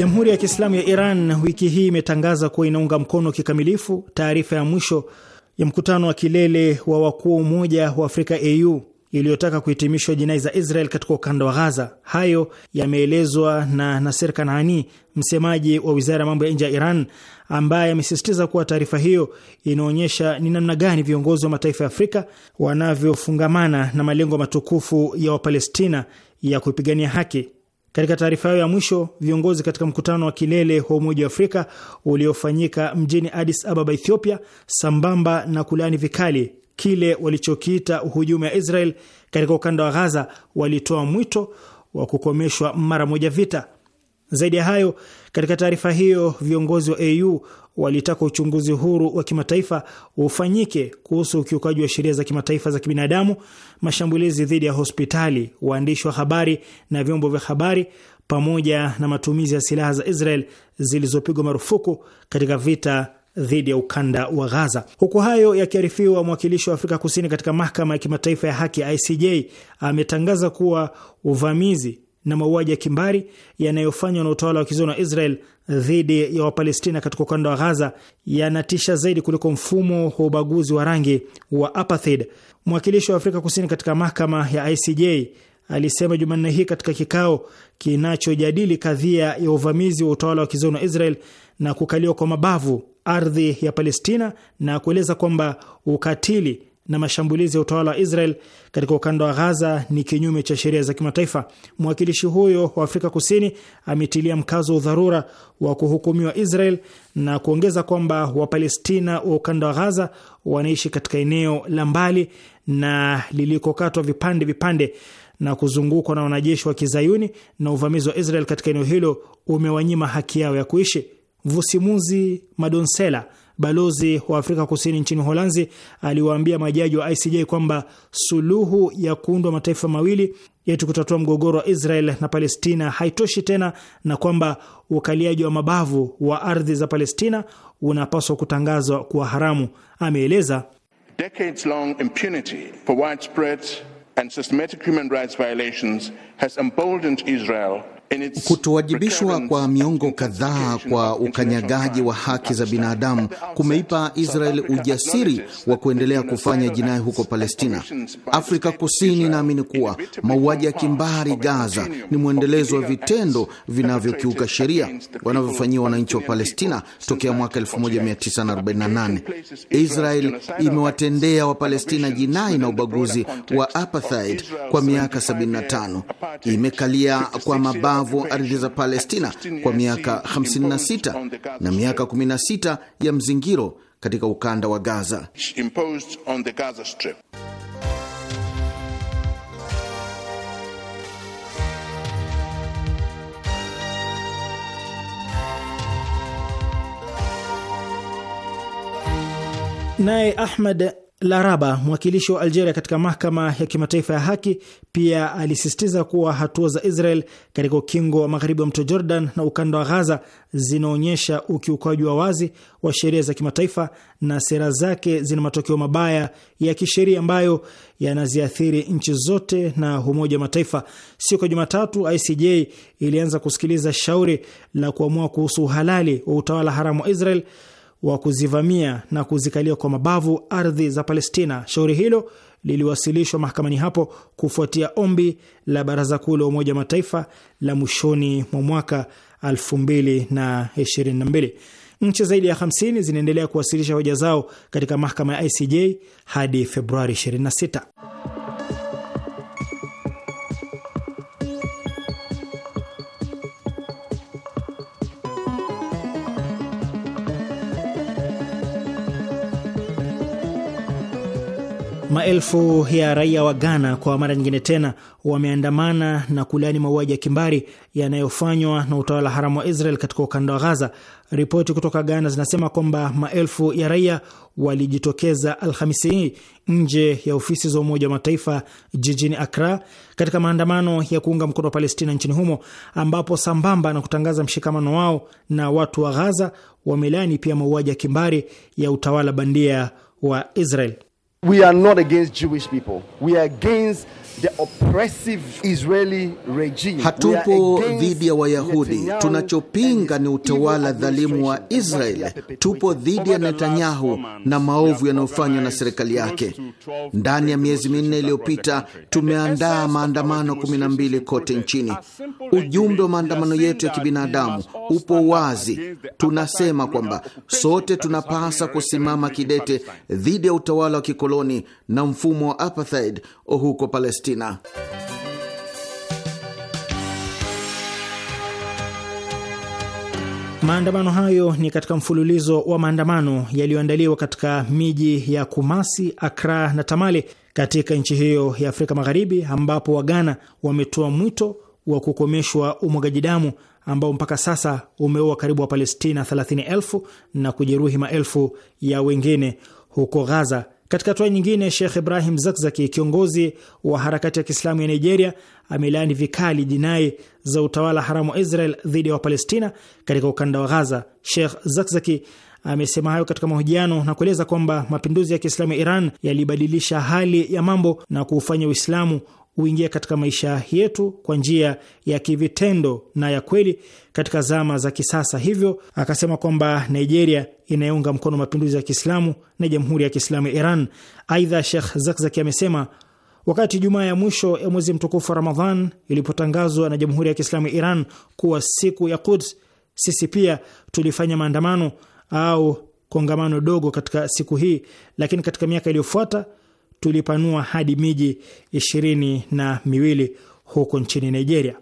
S6: Jamhuri ya Kiislamu ya Iran wiki hii imetangaza kuwa inaunga mkono kikamilifu taarifa ya mwisho ya mkutano wa kilele wa wakuu wa Umoja wa Afrika AU iliyotaka kuhitimishwa jinai za Israel katika ukanda wa Ghaza. Hayo yameelezwa na naser Kanani, msemaji wa wizara ya mambo ya nje ya Iran, ambaye amesisitiza kuwa taarifa hiyo inaonyesha ni namna gani viongozi wa mataifa ya Afrika wanavyofungamana na malengo matukufu ya Wapalestina ya kuipigania haki. Katika taarifa yao ya mwisho, viongozi katika mkutano wa kilele wa Umoja wa Afrika uliofanyika mjini Addis Ababa, Ethiopia, sambamba na kulaani vikali kile walichokiita uhujumu ya Israel katika ukanda wa Ghaza, walitoa mwito wa kukomeshwa mara moja vita. Zaidi ya hayo, katika taarifa hiyo viongozi wa AU walitaka uchunguzi huru wa kimataifa ufanyike kuhusu ukiukaji wa sheria za kimataifa za kibinadamu, mashambulizi dhidi ya hospitali, waandishi wa habari na vyombo vya habari, pamoja na matumizi ya silaha za Israel zilizopigwa marufuku katika vita dhidi ya ukanda wa Gaza. Huku hayo yakiarifiwa, mwakilishi wa Afrika Kusini katika mahakama ya kimataifa ya haki ICJ ametangaza kuwa uvamizi na mauaji ya kimbari yanayofanywa na utawala wa kizoni wa Israel dhidi ya Wapalestina katika ukanda wa Ghaza yanatisha zaidi kuliko mfumo wa ubaguzi wa rangi wa apartheid. Mwakilishi wa Afrika Kusini katika mahakama ya ICJ alisema Jumanne hii katika kikao kinachojadili kadhia ya uvamizi wa utawala wa kizoni wa Israel na kukaliwa kwa mabavu ardhi ya Palestina na kueleza kwamba ukatili na mashambulizi ya utawala wa Israel katika ukanda wa Ghaza ni kinyume cha sheria za kimataifa. Mwakilishi huyo wa Afrika Kusini ametilia mkazo wa udharura wa kuhukumiwa Israel na kuongeza kwamba Wapalestina wa ukanda wa Ghaza wanaishi katika eneo la mbali na lilikokatwa vipande vipande na kuzungukwa na wanajeshi wa Kizayuni, na uvamizi wa Israel katika eneo hilo umewanyima haki yao ya kuishi. Vusimuzi Madonsela balozi wa Afrika Kusini nchini Holanzi aliwaambia majaji wa ICJ kwamba suluhu ya kuundwa mataifa mawili yetu kutatua mgogoro wa Israel na Palestina haitoshi tena na kwamba ukaliaji wa mabavu wa ardhi za Palestina unapaswa kutangazwa kuwa haramu. Ameeleza
S2: decades long impunity for widespread and systematic human rights violations has emboldened Israel
S4: Kutowajibishwa kwa miongo kadhaa kwa ukanyagaji wa haki za binadamu kumeipa Israel ujasiri wa kuendelea kufanya jinai huko Palestina. Afrika Kusini inaamini kuwa mauaji ya kimbari Gaza ni mwendelezo wa vitendo vinavyokiuka sheria wanavyofanyia wananchi wa Palestina tokea mwaka 1948. Israel imewatendea Wapalestina jinai na ubaguzi wa apartheid kwa miaka 75, imekalia kwa mabavu mabavu ardhi za Palestina kwa miaka 56 na miaka 16 ya mzingiro katika ukanda wa Gaza.
S6: Naye Ahmed Laraba, mwakilishi wa Algeria katika mahakama ya kimataifa ya haki, pia alisisitiza kuwa hatua za Israel katika ukingo wa magharibi wa mto Jordan na ukanda wa Ghaza zinaonyesha ukiukaji wa wazi wa sheria za kimataifa na sera zake zina matokeo mabaya ya kisheria ambayo yanaziathiri nchi zote na Umoja wa Mataifa. Siku ya Jumatatu, ICJ ilianza kusikiliza shauri la kuamua kuhusu uhalali wa utawala haramu wa Israel wa kuzivamia na kuzikalia kwa mabavu ardhi za Palestina. Shauri hilo liliwasilishwa mahakamani hapo kufuatia ombi la Baraza Kuu la Umoja wa Mataifa la mwishoni mwa mwaka 2022. Nchi zaidi ya 50 zinaendelea kuwasilisha hoja zao katika mahakama ya ICJ hadi Februari 26. Maelfu ya raia wa Ghana kwa mara nyingine tena wameandamana na kulaani mauaji ya kimbari yanayofanywa na utawala haramu wa Israel katika ukanda wa Ghaza. Ripoti kutoka Ghana zinasema kwamba maelfu ya raia walijitokeza Alhamisi hii nje ya ofisi za Umoja wa Mataifa jijini Akra katika maandamano ya kuunga mkono wa Palestina nchini humo, ambapo sambamba na kutangaza mshikamano wao na watu wa Ghaza wamelaani pia mauaji ya kimbari ya utawala bandia wa Israel. We are not against Jewish people. We are against
S4: the oppressive Israeli regime. Hatupo dhidi ya Wayahudi, tunachopinga ni utawala dhalimu wa Israel. Tupo dhidi ya Netanyahu na maovu yanayofanywa na serikali yake. Ndani ya miezi minne iliyopita, tumeandaa maandamano 12 kote nchini. Ujumbe wa maandamano yetu ya kibinadamu upo wazi, tunasema kwamba sote tunapasa kusimama kidete dhidi ya utawala wa kikoloni na mfumo wa apartheid huko Palestina. Palestina.
S6: Maandamano hayo ni katika mfululizo wa maandamano yaliyoandaliwa katika miji ya Kumasi, Akra na Tamale katika nchi hiyo ya Afrika Magharibi, ambapo Waghana wametoa mwito wa kukomeshwa umwagaji damu ambao mpaka sasa umeua karibu Wapalestina elfu na kujeruhi maelfu ya wengine huko Ghaza katika hatua nyingine, Sheikh Ibrahim Zakzaki, kiongozi wa harakati ya Kiislamu ya Nigeria, amelaani vikali jinai za utawala haramu wa Israel dhidi ya Wapalestina katika ukanda wa Ghaza. Sheikh Zakzaki amesema hayo katika mahojiano na kueleza kwamba mapinduzi ya Kiislamu ya Iran yalibadilisha hali ya mambo na kuufanya Uislamu uingie katika maisha yetu kwa njia ya kivitendo na ya kweli katika zama za kisasa. Hivyo akasema kwamba Nigeria inayounga mkono mapinduzi ya Kiislamu na Jamhuri ya Kiislamu ya Iran. Aidha, Shekh Zakzaki amesema wakati Jumaa ya mwisho ya mwezi mtukufu wa Ramadhan ilipotangazwa na Jamhuri ya Kiislamu ya Iran kuwa siku ya Quds, sisi pia tulifanya maandamano au kongamano dogo katika siku hii, lakini katika miaka iliyofuata tulipanua hadi miji ishirini na miwili huko nchini Nigeria.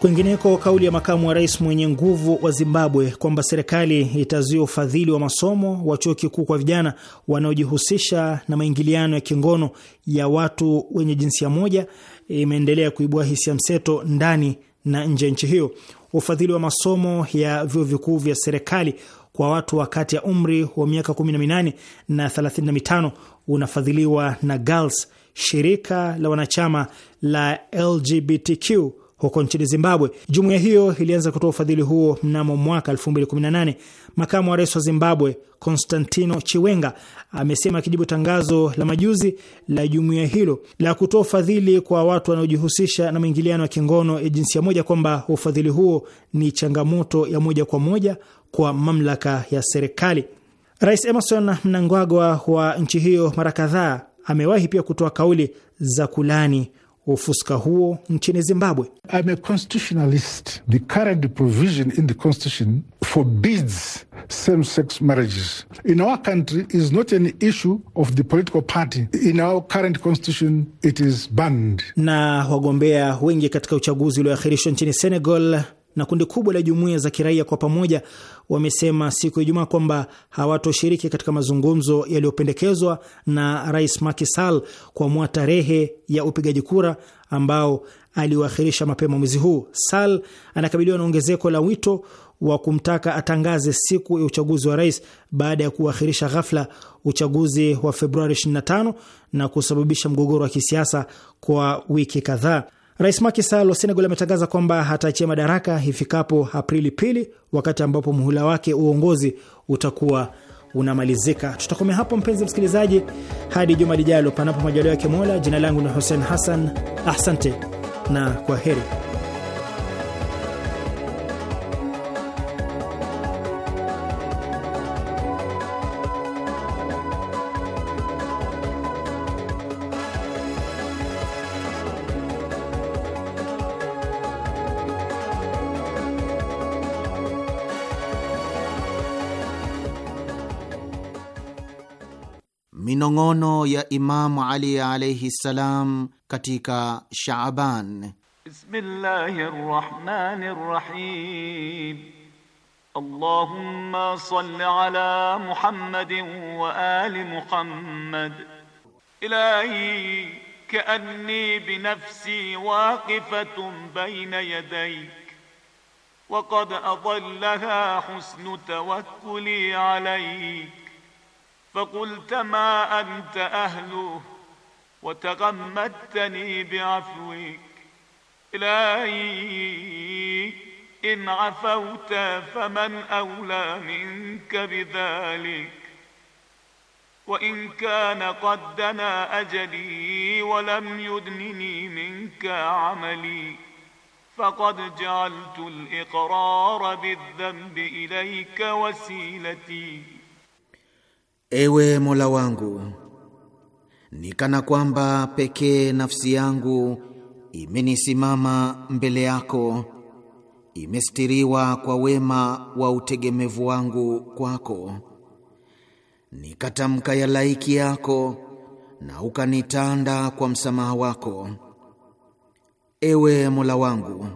S6: Kwingineko, kauli ya makamu wa rais mwenye nguvu wa Zimbabwe kwamba serikali itazuia ufadhili wa masomo wa chuo kikuu kwa vijana wanaojihusisha na maingiliano ya kingono ya watu wenye jinsia moja imeendelea kuibua hisia mseto ndani na nje ya nchi hiyo. Ufadhili wa masomo ya vyuo vikuu vya serikali kwa watu wa kati ya umri wa miaka 18 na 35 unafadhiliwa na GALS, shirika la wanachama la LGBTQ huko nchini Zimbabwe. Jumuiya hiyo ilianza kutoa ufadhili huo mnamo mwaka 2018. Makamu wa rais wa Zimbabwe Constantino Chiwenga amesema akijibu tangazo la majuzi la jumuiya hilo la kutoa ufadhili kwa watu wanaojihusisha na mwingiliano wa kingono ya jinsia moja kwamba ufadhili huo ni changamoto ya moja kwa moja kwa mamlaka ya serikali. Rais Emerson Mnangagwa wa nchi hiyo mara kadhaa amewahi pia kutoa kauli za kulani ufuska huo nchini Zimbabwe. I'm a constitutionalist. The current provision in the constitution forbids same-sex marriages. In our country is not an issue of the political party. In our current constitution it is banned. Na wagombea wengi katika uchaguzi ulioakhirishwa nchini Senegal na kundi kubwa la jumuiya za kiraia kwa pamoja wamesema siku ya Ijumaa kwamba hawatoshiriki katika mazungumzo yaliyopendekezwa na Rais Macky Sall kuamua tarehe ya upigaji kura ambao aliuahirisha mapema mwezi huu. Sall anakabiliwa na ongezeko la wito wa kumtaka atangaze siku ya uchaguzi wa rais baada ya kuahirisha ghafla uchaguzi wa Februari 25 na kusababisha mgogoro wa kisiasa kwa wiki kadhaa. Rais Macky Sall wa Senegal ametangaza kwamba ataachia madaraka ifikapo Aprili pili, wakati ambapo muhula wake uongozi utakuwa unamalizika. Tutakomea hapo mpenzi msikilizaji, hadi juma lijalo, panapo majaliwa yake Mola. Jina langu ni Hussein Hassan, asante na kwa heri.
S4: maono ya Imamu Ali alaihi ssalam katika Shaaban.
S7: Bismillahi rahmani rahim. Allahumma salli ala Muhammadin wa ali Muhammad. Ilahi kaanni bi nafsi waqifatun bayna yadayk وقد أضلها حسن توكلي عليك فقلت ما أنت أهله وتغمدتني بعفوك إلهي إن عفوت فمن أولى منك بذلك وإن كان قد دنا أجلي ولم يدنني منك عملي فقد جعلت الإقرار بالذنب إليك وسيلتي
S4: Ewe Mola wangu, nikana kwamba pekee nafsi yangu imenisimama mbele yako, imestiriwa kwa wema wa utegemevu wangu kwako, nikatamka ya laiki yako na ukanitanda kwa msamaha wako. Ewe Mola wangu,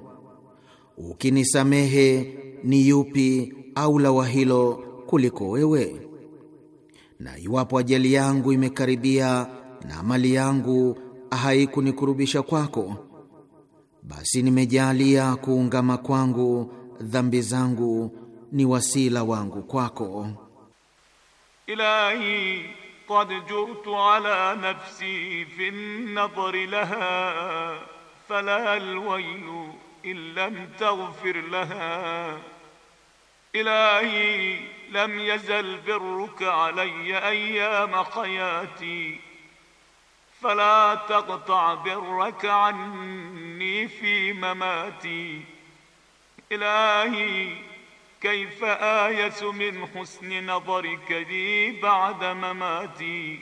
S4: ukinisamehe ni yupi au la wa hilo kuliko wewe? na iwapo ajali yangu imekaribia na mali yangu haikunikurubisha kwako, basi nimejalia kuungama kwangu dhambi zangu ni wasila wangu kwako.
S7: Ilahi qad jurtu ala nafsi fi nadhri laha fala alwaylu illam taghfir laha ilahi لم يزل برك علي أيام حياتي فلا تقطع برك عني في مماتي إلهي كيف آيس من حسن نظرك لي بعد مماتي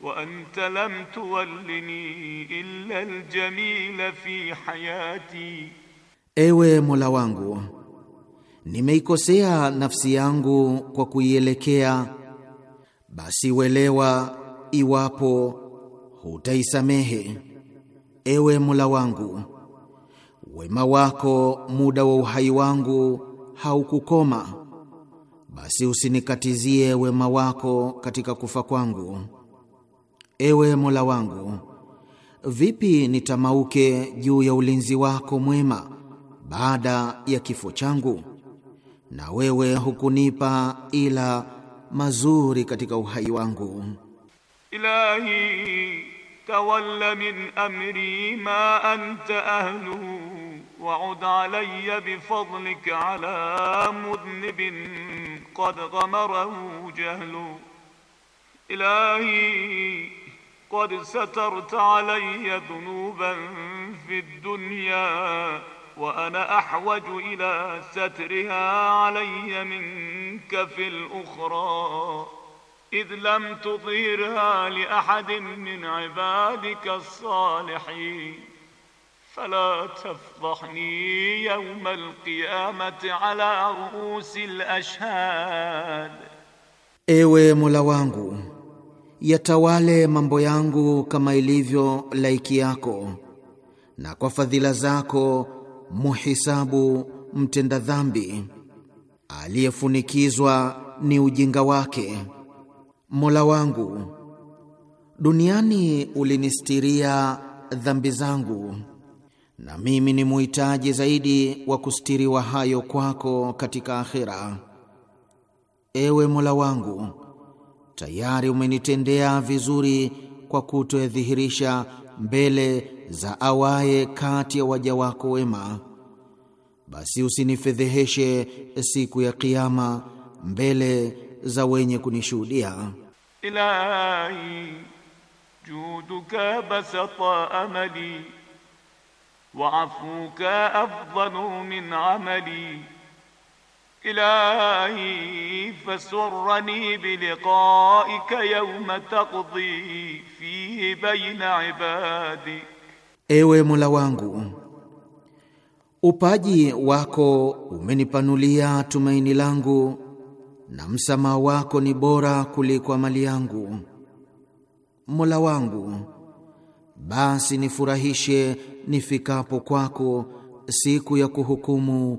S7: وأنت لم تولني إلا الجميل في حياتي
S4: ايوه مولا وانغو nimeikosea nafsi yangu kwa kuielekea, basi welewa iwapo hutaisamehe. Ewe Mola wangu, wema wako muda wa uhai wangu haukukoma, basi usinikatizie wema wako katika kufa kwangu. Ewe Mola wangu, vipi nitamauke juu ya ulinzi wako mwema baada ya kifo changu? na wewe hukunipa ila mazuri katika uhai wangu.
S7: Ilahi tawalla min amri ma anta ahluhu waud alayya bifadlika ala mudhnibin qad ghamarahu jahlu ilahi qad satarta alayya dhunuban fid dunya wa ana ahwaju ila satriha alayya minka fil ukhra idh lam tudhirha li ahadin min ibadika as-salihin fala tafdhahni yawma al-qiyamati ala ru'usi al-ashhad,
S4: Ewe Mola wangu yatawale mambo yangu kama ilivyo laiki yako na kwa fadhila zako muhisabu mtenda dhambi, aliyefunikizwa ni ujinga wake. Mola wangu, duniani ulinistiria dhambi zangu, na mimi ni muhitaji zaidi wa kustiriwa hayo kwako katika akhira. Ewe Mola wangu, tayari umenitendea vizuri kwa kutodhihirisha mbele za awaye kati ya waja wako wema, basi usinifedheheshe siku ya Kiyama mbele za wenye kunishuhudia.
S7: Ilahi juduka basata amali wa afuka afdalu min amali ilahi fasurrani biliqaika yawma taqdi fihi baina ibadi,
S4: Ewe Mola wangu, upaji wako umenipanulia tumaini langu na msamaha wako ni bora kuliko amali yangu. Mola wangu, basi nifurahishe nifikapo kwako siku ya kuhukumu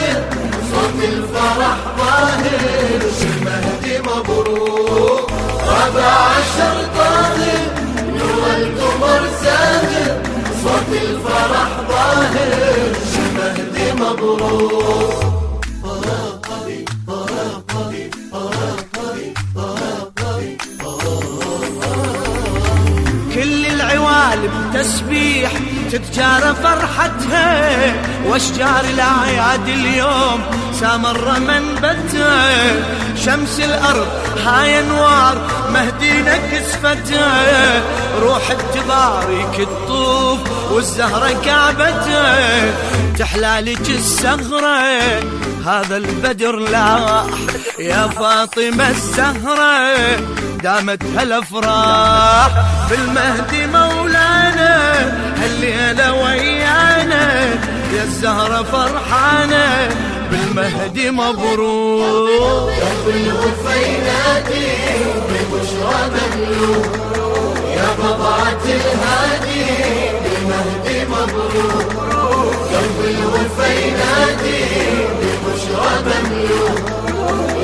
S5: الفرح ظاهر المهدي مبروك ربع عشر طاهر نور القمر زاهر صوت الفرح ظاهر المهدي مبروك
S3: كل العوالم تسبيح تتجارى فرحتها واشجار الاعياد اليوم سامر من بتع شمس الأرض هاي انوار مهدينا كسفته روح تبارك الطوف والزهرة كعبته تحلالك السهرة هذا البدر لاح يا فاطمة السهرة دامت هالافراح بالمهدي مولانا هالليلة ويانا يا الزهرة فرحانة بالمهدي مبروك يا بالغرفة ينادي ببشرى
S5: مبلور يا بضعة الهادي بالمهدي مبروك يا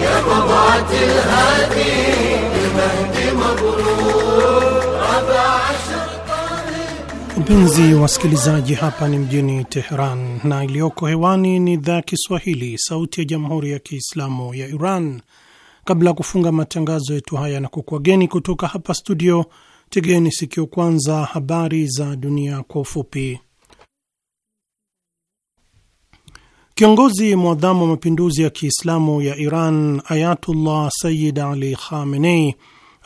S5: يا بضعة الهادي بالمهدي مبروك
S2: Mpenzi wasikilizaji, hapa ni mjini Teheran na iliyoko hewani ni idhaa ya Kiswahili, Sauti ya Jamhuri ya Kiislamu ya Iran. Kabla ya kufunga matangazo yetu haya na kukwageni kutoka hapa studio, tegeni sikio kwanza habari za dunia kwa ufupi. Kiongozi mwadhamu wa mapinduzi ya Kiislamu ya Iran Ayatullah Sayyid Ali Khamenei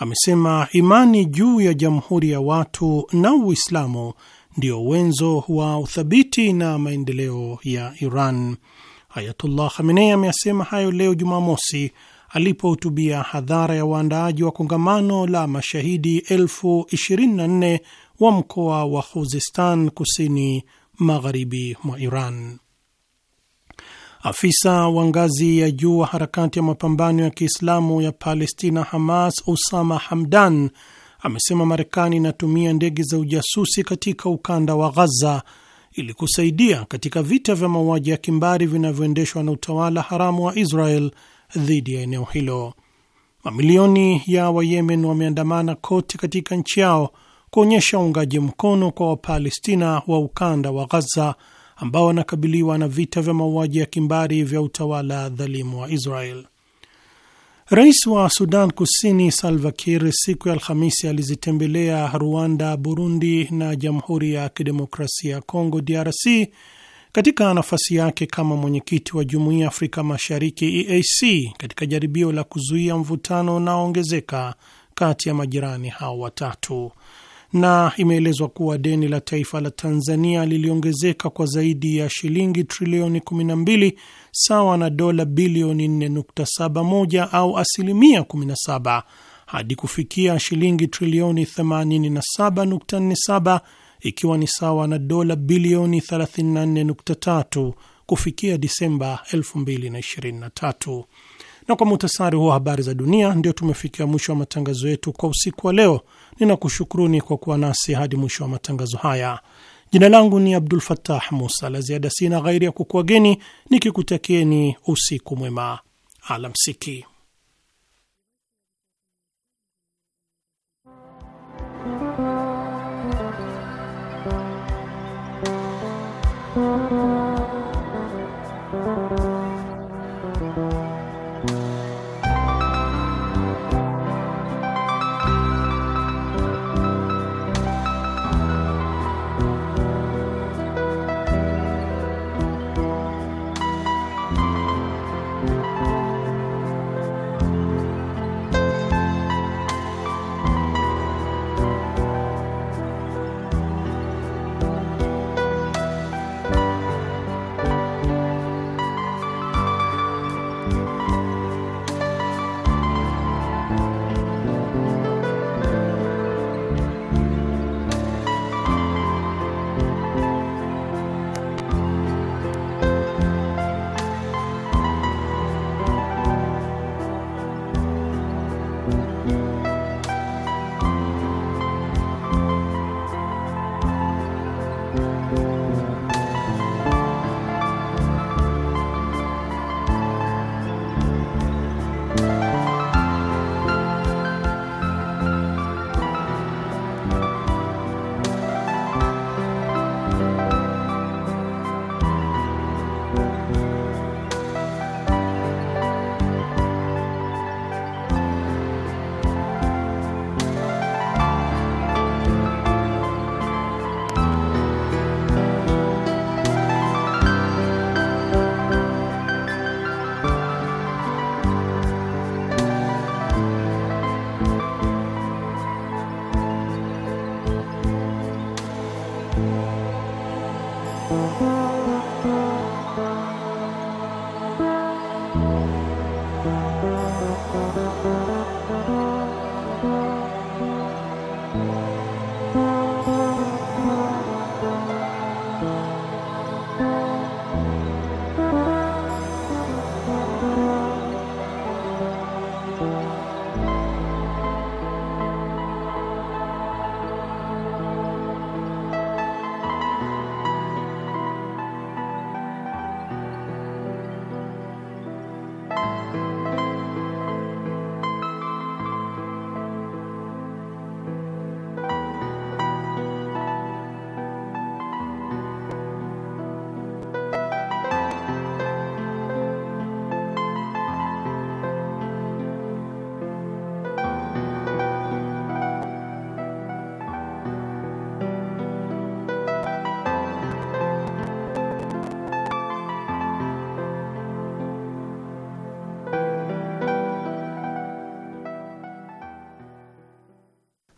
S2: amesema imani juu ya jamhuri ya watu na Uislamu ndio wenzo wa uthabiti na maendeleo ya Iran. Ayatullah Khamenei ameyasema hayo leo Jumamosi alipohutubia hadhara ya waandaaji wa kongamano la mashahidi elfu 24 wa mkoa wa Khuzistan kusini magharibi mwa Iran. Afisa wa ngazi ya juu wa harakati ya mapambano ya Kiislamu ya Palestina Hamas, usama Hamdan, amesema Marekani inatumia ndege za ujasusi katika ukanda wa Ghaza ili kusaidia katika vita vya mauaji ya kimbari vinavyoendeshwa na utawala haramu wa Israel dhidi ya eneo hilo. Mamilioni ya Wayemen wameandamana kote katika nchi yao kuonyesha uungaji mkono kwa Wapalestina wa ukanda wa Ghaza ambao wanakabiliwa na vita vya mauaji ya kimbari vya utawala dhalimu wa Israel. Rais wa Sudan Kusini Salva Kiir siku ya Alhamisi alizitembelea Rwanda, Burundi na Jamhuri ya Kidemokrasia ya Kongo, DRC, katika nafasi yake kama mwenyekiti wa Jumuiya Afrika Mashariki, EAC, katika jaribio la kuzuia mvutano unaoongezeka kati ya majirani hao watatu na imeelezwa kuwa deni la taifa la Tanzania liliongezeka kwa zaidi ya shilingi trilioni 12 sawa na dola bilioni 4.71 au asilimia 17 hadi kufikia shilingi trilioni 87.47 ikiwa ni sawa na dola bilioni 34.3 kufikia Disemba 2023. Na kwa muhtasari huo habari za dunia, ndio tumefikia mwisho wa matangazo yetu kwa usiku wa leo. Ninakushukuruni kwa kuwa nasi hadi mwisho wa matangazo haya. Jina langu ni Abdul fatah Musa. La ziada sina ghairi ya kukuageni nikikutakieni usiku mwema, alamsiki.